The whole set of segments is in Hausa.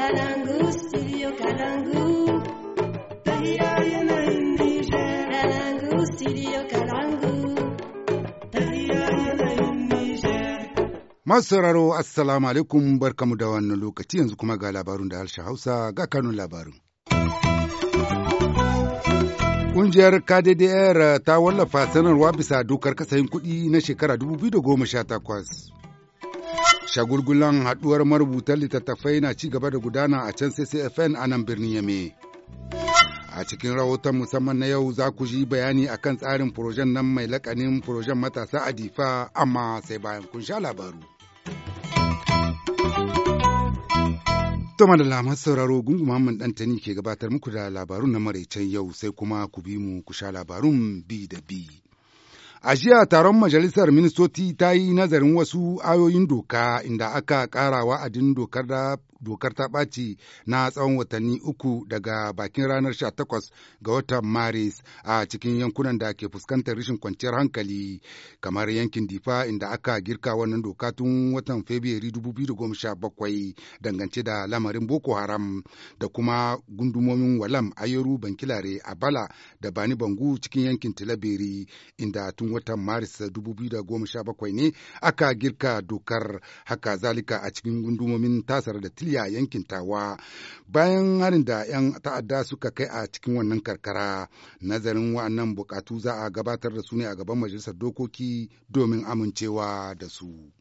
Kalangu, studio Kalangu. Tahira yanayin Nijar. Kalangu, studio Kalangu. Masu sauraro, Assalamu alaikum barkamu da wannan lokaci yanzu kuma ga labarun da harshen Hausa ga kanun labarin. Ƙungiyar KDDR ta wallafa sanarwa bisa dokar kasayin kuɗi na shekara 2018. shagulgulan haɗuwar marubutan littattafai na ci gaba da gudana a can ccfn a nan birnin yame a cikin rahoton musamman na yau za ku ji bayani akan tsarin furojen nan mai lakanin furojen matasa a difa amma sai bayan kun sha labaru Tuma da lamar sauraro gungu Muhammad Dantani ke gabatar muku da labarun na maraicen yau sai kuma ku bi mu ku sha labarun bi da bi. A jiya taron majalisar ministoci ta yi nazarin wasu ayoyin doka inda aka ƙara wa'adin dokar da dokar ta ɓaci na tsawon watanni uku daga bakin ranar 18 ga watan maris a cikin yankunan da ke fuskantar rashin kwanciyar hankali kamar yankin difa inda aka girka wannan doka tun watan fabrairu 2017 dangance da lamarin boko haram da kuma gundumomin walam ayeru bankilare a bala da bani bangu cikin yankin tilaberi inda tun watan maris 2017 ne aka girka dokar haka zalika a cikin gundumomin tasar da tili shirya yankin tawa bayan harin da 'yan ta'adda suka kai a cikin wannan karkara nazarin wa'annan bukatu za a gabatar da su ne a gaban majalisar dokoki domin amincewa da su.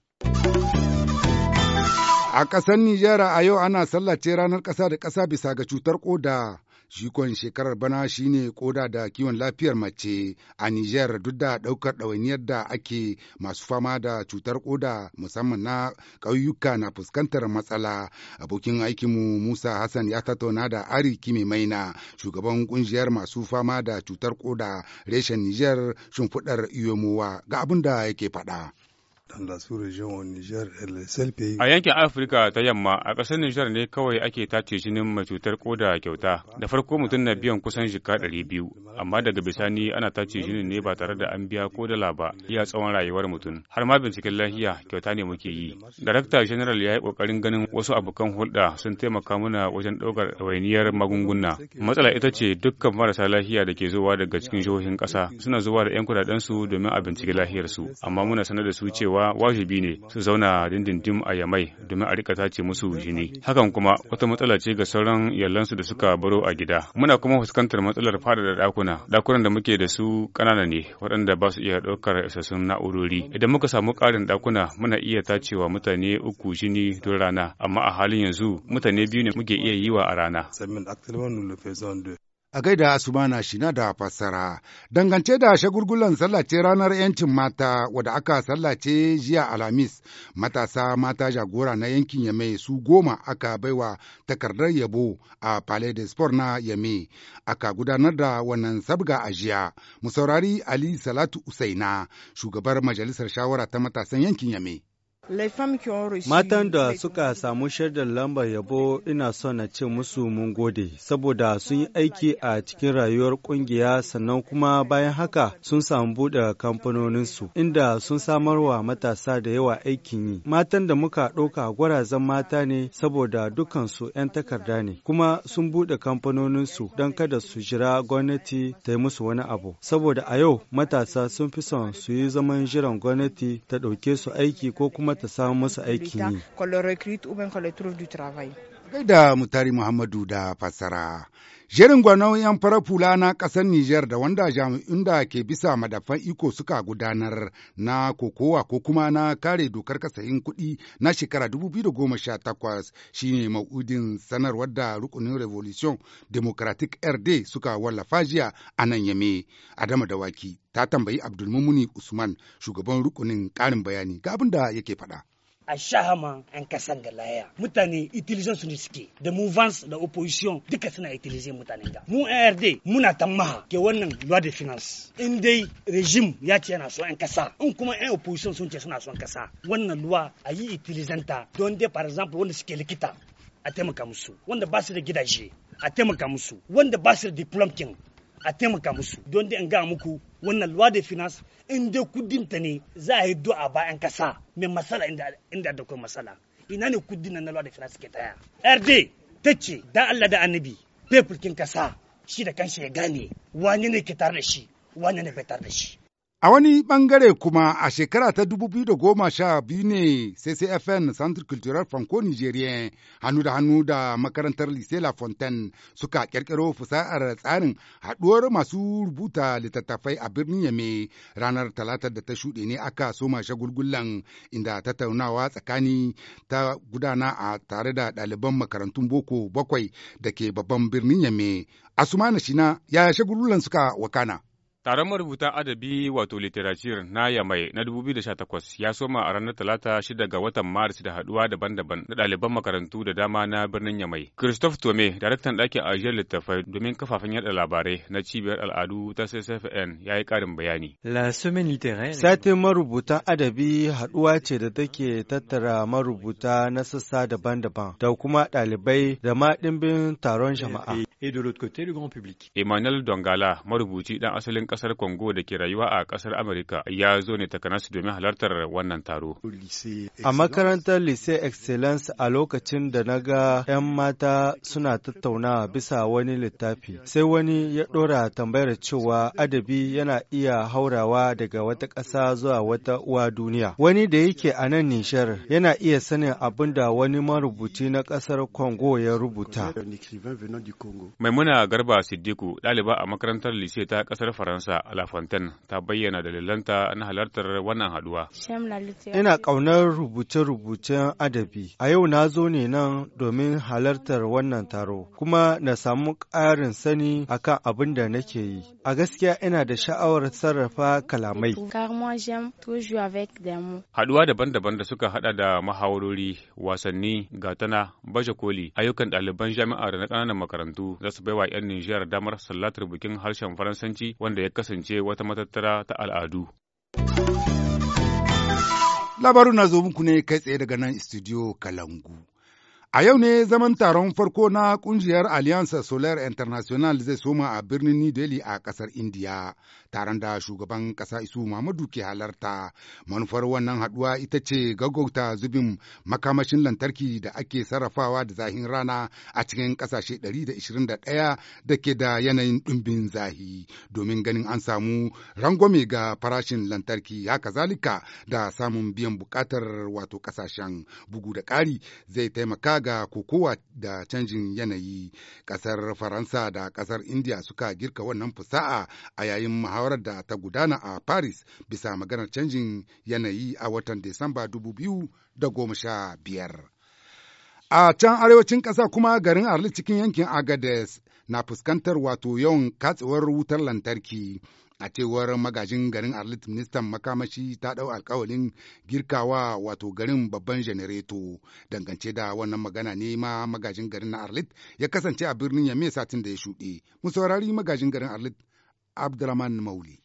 A ƙasar Nijar a yau ana sallace ranar ƙasa da ƙasa bisa ga cutar ƙoda. Shikon shekarar bana shine koda da kiwon lafiyar mace a Nijar duk da ɗaukar ɗawainiyar da ake masu fama da cutar koda musamman na ƙauyuka na fuskantar matsala. Abokin aikinmu Musa Hassan ya tattauna da Ari Kime Maina, shugaban ƙungiyar masu fama da cutar koda reshen Nijar shimfiɗar Iyomowa ga abin da yake faɗa. A yankin Afirka ta yamma a ƙasar Nijar ne kawai ake tace jinin mai cutar koda kyauta. Da farko mutum na biyan kusan jika ɗari biyu, amma daga bisani ana tace jinin ne ba tare da an biya ko dala ba iya tsawon rayuwar mutum. Har ma binciken lafiya kyauta ne muke yi. Darakta General ya yi ƙoƙarin ganin wasu abokan hulɗa sun taimaka mana wajen ɗaukar ɗawainiyar magunguna. Matsala ita ce dukkan marasa lafiya da ke zuwa daga cikin jihohin ƙasa suna zuwa da 'yan kuɗaɗensu domin a binciki lafiyarsu, amma muna sanar da su cewa cewa wajibi ne su zauna dindindim a yamai domin a rika tace musu jini hakan kuma wata matsala ce ga sauran yallansu da suka baro a gida muna kuma fuskantar matsalar da dakuna dakunan da muke da su kanana ne waɗanda ba su iya ɗaukar isassun na'urori idan muka samu ƙarin dakuna muna iya tacewa mutane uku jini don rana amma a halin yanzu mutane biyu ne muke iya yi wa a rana a gaida asumana shina shi na da fassara. Dangance da shagulgulan sallace ranar 'yancin mata wadda aka sallace jiya Alhamis, matasa mata jagora na yankin Yame su goma aka baiwa takardar yabo a Palais de Sport na Yame. Aka gudanar da wannan sabga a jiya. Mu saurari Ali Salatu Usaina, shugabar majalisar shawara ta matasan yankin Yame. Matan da suka samu shaidar lambar yabo ina son na ce musu mun gode, saboda sun yi aiki a cikin rayuwar kungiya sannan kuma bayan haka sun samu buɗe kamfanoninsu, inda sun samarwa matasa da yawa aikin yi. Matan da muka ɗauka gwarazan mata ne saboda dukansu 'yan takarda ne, kuma sun buɗe kamfanoninsu don kada su jira gwamnati ta yi musu wani abu. Saboda a yau matasa sun fi son su yi zaman jiran gwamnati ta ɗauke su aiki ko kuma ta samu masu aiki yi. Kwallon recruit Uben Kwallon Turuf du Travail. Gaida Mutari Muhammadu da fasara Jerin gwanon 'yan farar fula na ƙasar Nijar da wanda jami'un da ke bisa madafan iko suka gudanar na kokowa ko kuma na kare dokar kasayin kuɗi na shekara 2018 shine ma'udin sanarwar da rukunin Revolution Democratic RD suka wallafa jiya a nan yame. Adama Dawaki ta tambayi Abdulmumuni Usman shugaban rukunin ƙarin bayani ga abin da yake faɗa. a shahama an kasan ga laya mutane itilijan su suke da movance da opposition duka suna utiliser mutanen ga mu ARD muna tammaha ke wannan loi de finance in dai regime ya ce yana so an kasa in kuma yan opposition sun ce suna son kasa wannan loi a yi itilijanta don dai par exemple wanda suke likita a taimaka musu wanda ba su da gidaje a taimaka musu wanda ba su da diplom a taimaka musu don da in ga muku wannan loi da finance in dai ta ne za a yi a bayan kasa mai masala inda da kai masala ina ne kudin na loi da finance ke taya rd ta ce da allah da annabi pepulkin kasa shi da kanshi ya gane wani ne ke tare da shi wani ne bai tare da shi A wani bangare kuma a shekara ta 2012 ne CCFN Centre Cultural Franco-Nigerien hannu da hannu da makarantar Lycée La Fontaine suka ƙirƙiro fusa'ar tsarin haɗuwar masu rubuta littattafai a birnin Yame ranar talatar da ta shuɗe ne aka soma shagulgullan inda tattaunawa tsakani ta gudana a tare da ɗaliban makarantun boko bakwai da ke babban birnin Yame. Asuma na Shina ya shagulgullan suka wakana. Taron marubutan adabi wato literature na Yamai na 2018 ya soma a ranar Talata shida ga watan Maris da haduwa daban-daban na ɗaliban makarantu da dama na birnin Yamai. Christophe Tome, daraktan ɗakin ajiyar littattafai domin kafafen yaɗa labarai na cibiyar al'adu ta CSFN ya yi ƙarin bayani. Satin marubuta adabi haduwa ce da take tattara marubuta na sassa daban-daban da kuma ɗalibai da ma taron jama'a. Emmanuel Dongala, marubuci ɗan asalin ƙasa kasar Congo da ke rayuwa a ƙasar Amurka ya zo ne takanas domin halartar wannan taro. A makarantar Lycée Excellence a lokacin da na ga 'yan mata suna tattaunawa bisa wani littafi, sai wani ya ɗora tambayar cewa adabi yana iya haurawa daga wata ƙasa zuwa wata uwa duniya. Wani da yake a nan Nishar yana iya sanin abin da wani marubuci na ƙasar Congo ya rubuta. Maimuna Garba Siddiku ɗaliba a makarantar Lycée ta ƙasar Faransa Faransa La Fontaine ta bayyana dalilanta na halartar wannan haduwa. Ina ƙaunar rubuce-rubucen adabi. A yau na zo ne nan domin halartar wannan taro, kuma na samu ƙarin sani akan abin da nake yi. A gaskiya ina da sha'awar sarrafa kalamai. Haduwa daban-daban da suka hada da mahawarori, wasanni, gatana, baje koli, ayyukan ɗaliban jami'ar na ƙananan makarantu za su baiwa 'yan Nijiyar damar sallatar bikin harshen Faransanci wanda ya ya kasance wata matattara ta al'adu. Labarin na zo muku ne kai tsaye daga nan studio Kalangu. A yau ne zaman taron farko na kungiyar Alliance solar International zai soma a birnin New Delhi a ƙasar India, taron da shugaban ƙasa Isu Muhammadu ke halarta. Manufar wannan haduwa ita ce gaggauta zubin makamashin lantarki da ake sarrafawa da zahin rana a cikin ƙasashe 121 da ke da yanayin ɗumbin zahi, domin ganin an samu rangwame ga farashin lantarki haka zalika da samun biyan buƙatar wato ƙasashen bugu da ƙari zai taimaka ga kokowa da canjin yanayi, ƙasar Faransa da ƙasar India suka girka wannan fusa'a a yayin muhawarar da ta gudana a Paris bisa maganar canjin yanayi a watan Disamba 2015. A can arewacin ƙasa kuma garin Arli cikin yankin Agades na fuskantar wato yawan katsewar wutar lantarki a cewar magajin garin arlit ministan makamashi ta ɗau alkawalin girkawa wato garin babban janareto dangance da wannan magana ne ma magajin garin na arlit ya kasance a birnin ya yamme satin da ya shuɗe mu magajin garin arlit abdulrahman mauli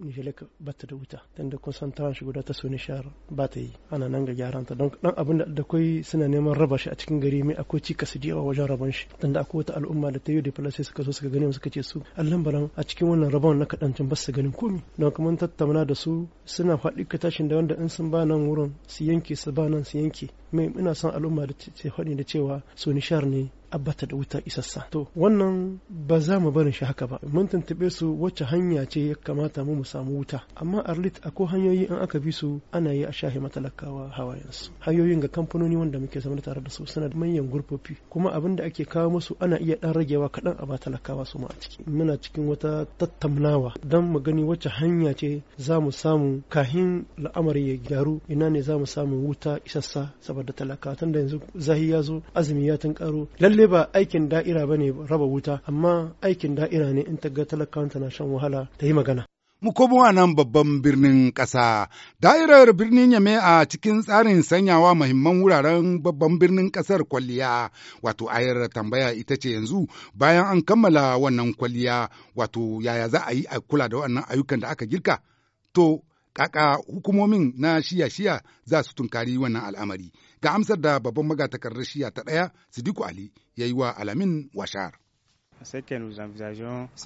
nijelek bata da wuta tun da kun san shi guda ta so shahar ba ta yi ana nan ga gyaran ta don dan abin da kwai suna neman raba shi a cikin gari mai akwai cikas da yawa wajen raban shi tun da akwai wata al'umma da ta yi da falase suka so suka gani suka ce su allan baran a cikin wannan rabon na kaɗancin ba su ganin komi don kuma tattauna da su suna faɗi ka tashin da wanda in sun ba nan wurin su yanke su ba nan su yanke mai ina son al'umma da ce faɗi da cewa su nishar ne abata da wuta isassa to wannan ba za mu barin shi haka ba mun tuntube su wacce hanya ce ya kamata mu mu samu wuta amma arlit akwai hanyoyi in aka bi su ana yi a shahi matalakawa hawayensu hanyoyin ga kamfanoni wanda muke zama tare da su suna da manyan gurfofi kuma abin da ake kawo musu ana iya dan ragewa kaɗan a ba talakawa su ma a ciki muna cikin wata tattaunawa don mu gani wacce hanya ce za mu samu kahin la'amari ya gyaru ina ne za mu samu wuta isassa saboda da talaka da yanzu zahi ya zo azumi ya tunkaro lalle ba aikin da'ira ne raba wuta amma aikin da'ira ne in ta ga talakawan tana shan wahala ta yi magana mu komo a nan babban birnin ƙasa. Da'irar birnin Yame a cikin tsarin sanyawa mahimman wuraren babban birnin ƙasar kwalliya, wato ayar tambaya ita ce yanzu bayan an kammala wannan kwalliya, wato yaya za a yi a kula da wannan ayyukan da aka girka? To, kaka hukumomin na shiya-shiya za su tunkari wannan al'amari. Ga amsar da babban magatakar rashiya ta ɗaya Sidiku Ali ya yi wa Alamin Washar.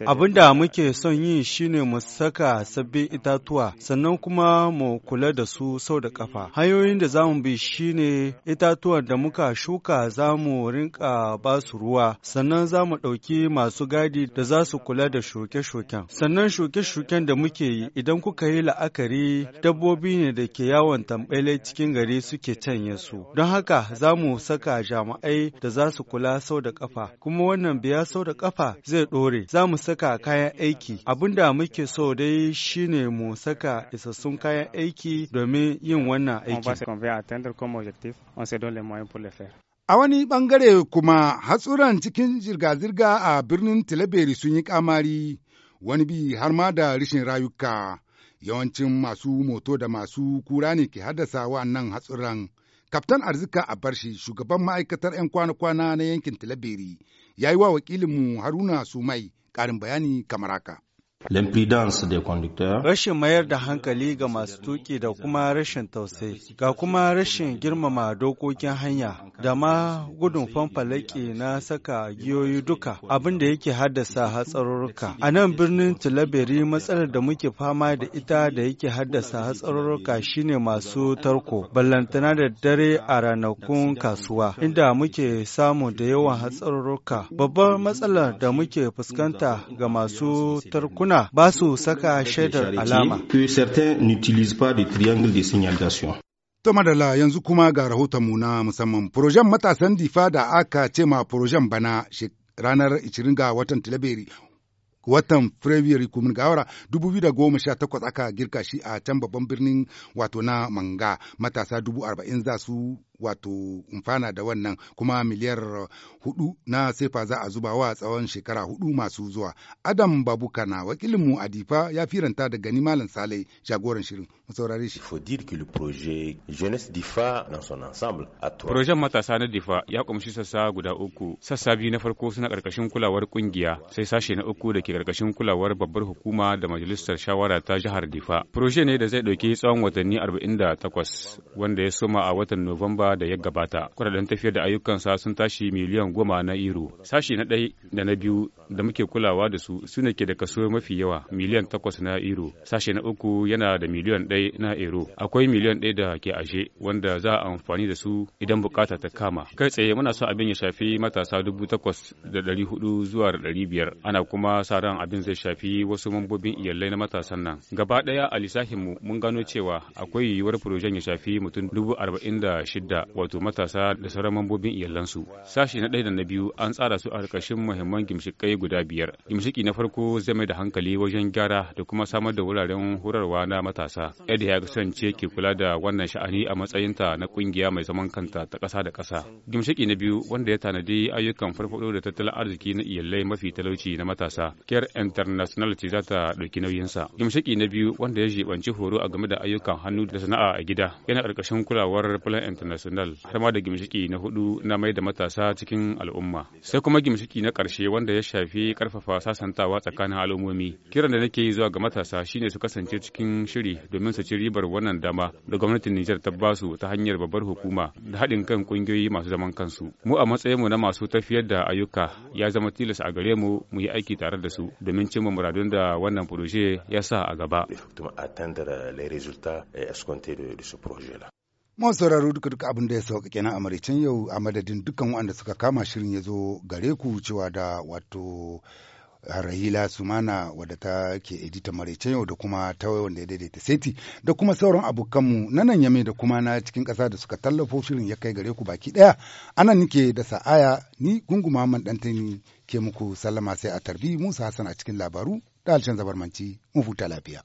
Abin da muke son yi shine mu saka sabbin itatuwa sannan kuma mu kula da su sau da kafa. Hanyoyin da za mu bi ne itatuwan da muka shuka za mu rinka ba su ruwa sannan za mu ɗauki masu gadi da za su kula da shuke-shuken. Sannan shuke-shuken da muke yi idan kuka yi la'akari dabbobi ne da ke yawon tambayle cikin gari suke canye su. Don haka za mu saka jami'ai da za su kula sau da kafa kuma wannan biya sau da kafa zai ɗore za mu saka kayan aiki abin da muke so dai shine mu saka isassun kayan aiki domin yin wannan aiki A wani ɓangare kuma hatsuran cikin zirga-zirga a birnin Tilaberi sun yi kamari, wani bi har ma da rishin rayuka. Yawancin masu moto da masu kura ne ke haddasa nan hatsuran Kaftan Arzika a barshi shugaban ma'aikatar 'yan kwana-kwana na yankin Tilaberi ya yi wa wakilinmu Haruna Sumai ƙarin bayani kamar haka. Rashin mayar da hankali ga masu tuki da kuma rashin tausayi, ga kuma rashin girmama dokokin hanya da ma gudun fanfalaki na saka giyoyi duka abin da yake haddasa hatsarurruka. A nan birnin Tulaberi matsalar da muke fama da ita da yake haddasa hatsarurruka shine masu tarko, ballantana da dare a ranakun kasuwa, inda muke samu da yawan hatsarurruka. Babbar matsalar da muke fuskanta ga masu tarko bankuna ba su saka shaidar alama. Ta madala yanzu kuma ga rahotonmu na musamman. Furojen matasan difa da aka ce ma furojen bana ranar 20 ga watan Tilaberi watan February kumin gawara 2018 aka girka shi a can babban birnin wato na Manga matasa 40,000 za su wato umfana da wannan kuma miliyar hudu na sefa za a zuba wa tsawon shekara hudu masu zuwa adam babukana wakilinmu a difa ya firanta da gani malam salai jagoran shirin saurare shi projen matasa na difa ya kumshi sassa guda uku sassa biyu na farko suna karkashin kulawar kungiya sai sashe na uku da ke karkashin kulawar babbar hukuma da majalisar shawara ta jihar difa proje ne da zai dauki tsawon watanni arba'in da 48 wanda ya soma a watan nuwamba da ya gabata. Kudaden tafiyar da ayyukansa sun tashi miliyan goma na iro. Sashi na ɗaya da na biyu da muke kulawa da su su ne ke da kaso mafi yawa miliyan takwas na iro. Sashi na uku yana da miliyan ɗaya na iro. Akwai miliyan ɗaya da ke ashe wanda za a amfani da su idan bukata ta kama. Kai tsaye muna son abin ya shafi matasa dubu takwas da ɗari hudu zuwa ɗari biyar. Ana kuma sa ran abin zai shafi wasu mambobin iyalai na matasan nan. Gaba ɗaya a lissafinmu mun gano cewa akwai yiwuwar projen ya shafi mutum dubu arba'in da shida da wato matasa da sauran mambobin iyalansu. Sashi na ɗaya da na biyu an tsara su a ƙarƙashin muhimman gimshiƙai guda biyar. Gimshiƙi na farko zai mai da hankali wajen gyara da kuma samar da wuraren horarwa na matasa. Yadda ya kasance ke kula da wannan sha'ani a matsayinta na ƙungiya mai zaman kanta ta ƙasa da ƙasa. Gimshiƙi na biyu wanda ya tanadi ayyukan farfaɗo da tattalin arziki na iyalai mafi talauci na matasa. Care International ce za ta ɗauki nauyinsa. Gimshiƙi na biyu wanda ya jibanci horo a game da ayyukan hannu da sana'a a gida yana ƙarƙashin kulawar Plan International Arsenal har ma da gimshiki na hudu na mai da matasa cikin al'umma sai kuma gimshiki na ƙarshe wanda ya shafi karfafa sasantawa tsakanin al'ummomi kiran da nake yi zuwa ga matasa shine su kasance cikin shiri domin su ci ribar wannan dama da gwamnatin Nijar ta basu ta hanyar babbar hukuma da haɗin kan ƙungiyoyi masu zaman kansu mu a matsayin mu na masu tafiyar da ayyuka ya zama tilas a gare mu mu yi aiki tare da su domin cimma muradun da wannan proje ya sa a gaba. effectivement attendre les résultats escomptés de ce projet-là. Mun sauraro duka duka abin da ya sauka kenan a maraicen yau a madadin dukkan waɗanda suka kama shirin ya zo gare ku cewa da wato Rahila Sumana wadda ta ke edita maraicen yau da kuma ta wanda ya daidaita seti da kuma sauran abokanmu na nan yame da kuma na cikin ƙasa da suka tallafo shirin ya kai gare ku baki ɗaya. Anan nike da sa'aya ni gunguma man ɗantani ke muku sallama sai a tarbi Musa Hassan a cikin labaru da alshen zabarmanci mu huta lafiya.